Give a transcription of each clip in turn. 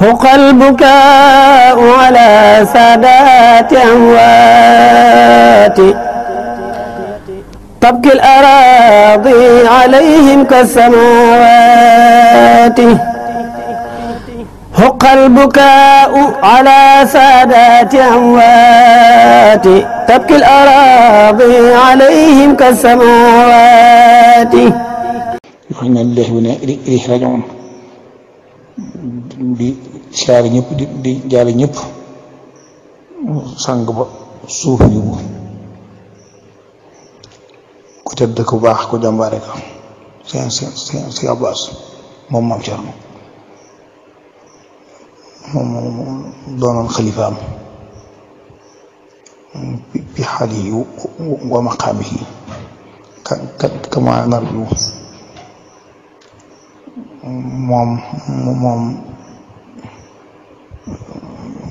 هق البكاء على سادات أمواتي تبكي الأراضي عليهم كالسماوات هق البكاء على سادات أموات تبكي الأراضي عليهم كالسماوات إنا الله هنا إليه رجعون siyaare ñëpp di di jaale ñëpp sàng ba suuf yóbbu ku tedd ku baax ku jàmbaare ka seen seen seen Abbas moom maam Cerno moom moom doonoon xalifaam bi xaalihi wa maqaamihi ka kama narju moom moom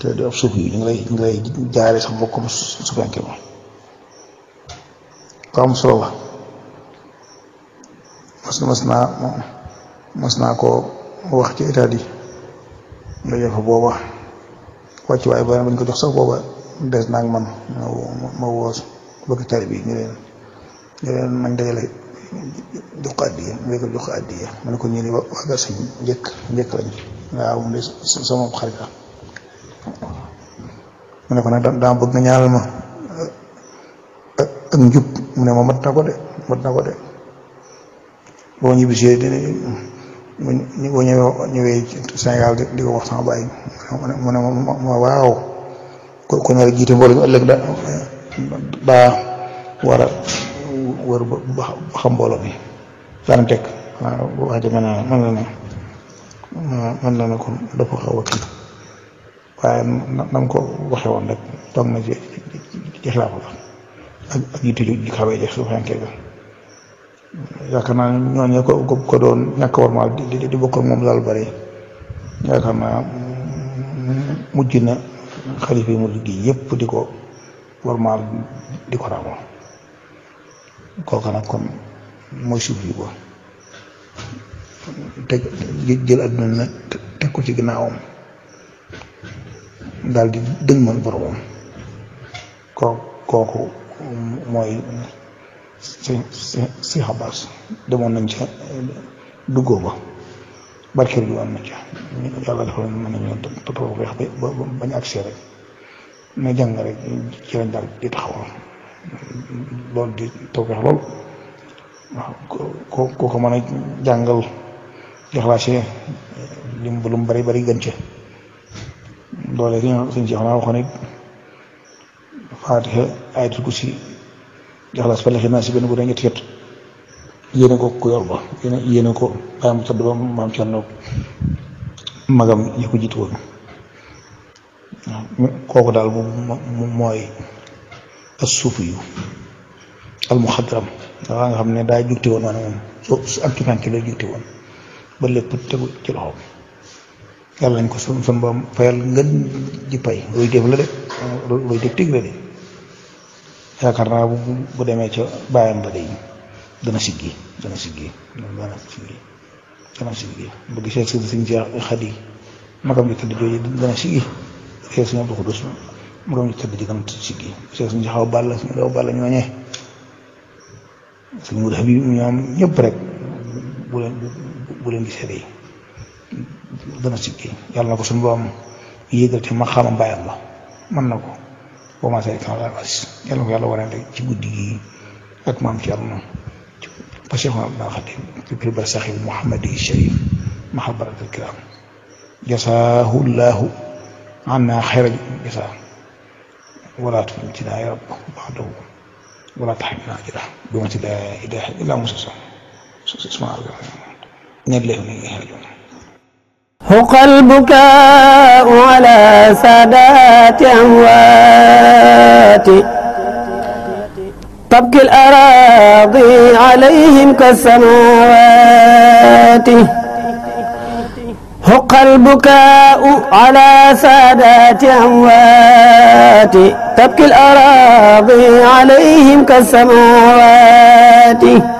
te doo ab suuf yi ñu ngi lay ñu ngi lay jaaree sax bokkum sufanke ma ko am solo la mas naa mas naa ko wax ci état yi nga jëf booba wàcc waaye ba bañ ko jox sax booba des naa ak man ma woos bëgg tari bi ñu leen ñu leen nañ dajale jox ko addiya ñu ko jox ko addiya ma ne ko ñu ne waa njëkk njëkk lañ waaw moom de sama xarit la mu ne ko bëgg nga ñaanal ma eh, ak njub mu ne ma mat na ko de mat na ko de boo ñibbisee dina boo ñëwee Sénégal di ko wax sama bàyyi mu ne ma ma waaw ko ko nar jiite mbooloo mi da daa war war ba xam mbooloo mi daan teg waaw wax kon dafa xaw a kii waaye nam ko waxe woon rek toog na ci ci xilaafa ak ak yitte ju ju xawee jeex suuf yankee yaakaar naa ñooñu ko ko doon ñàkk war ma di di moom laal bari yaakaar naa mujj na xalif yi mu gi yëpp di ko warmaal di ko raamoo kooka kon mooy suuf yi ko teg jël adduna nag teg ko ci ginnaawam daal di dëgmal boromam kooku mooy si si si demoon nañ ca duggoo ba barkeel bi am na ca yàlla defal mën rek na rek daal di taxawal loolu di tawfeex lool waaw ko a jàngal di xalaasee eh, lim bu bari bari gën ca doole gi ñoom suñu jeex naa waxoon it Faatiha ayatul kursi Ixlaas Falaq Naas si benn bu dee ñetti yett yéene ko ku yor ba yéene ko bàyyi mu tëdd ba maam Cerno magam yi ko jiitu woon kooku daal moom mooy as-suufi yu al-muxadram nga xam ne daa jugte woon maanaam moom soo ak tuutànk lay jugte woon ba lépp tegu ci loxoom. yàlla nañ ko sun sun boom fayal ngën ji pay luy def la de luy def tig la de yaakaar naa bu bu demee ca bàyyam ba de dana siggi dana siggi dana siggi dana siggi bu gisee sëñ sëñ ci xadi magam ju tëdd jooju dana siggi gisee sëñ abdu xudus magam ju tëdd ji dana siggi gisee sëñ ci xaw bàll sëñ xaw bàll ñooñee sëñ wut xabib ñoom ñëpp rek bu leen bu leen gisee dana sikki yàlla na ko suñu boom yéegal te ma xama bàyyam la mën na ko commencé ak kanam as yàlla na ko yàlla wane rek ci guddi gi ak maam Thierno ba Cheikh Abdou Khadim ci kër ba saxib Mouhamadi Sharif mahabarat al kiram jasaahu llahu anna xayra jasaa wala tufitina ya rab baxdahu wala taxrimna ajra bi ma si la ilaha illa musa sa su si isma alga ne leew ni هقى البكاء على سادات أمواتي تبكي الأراضي عليهم كالسماوات هقى البكاء على سادات أموات تبكي الأراضي عليهم كالسماوات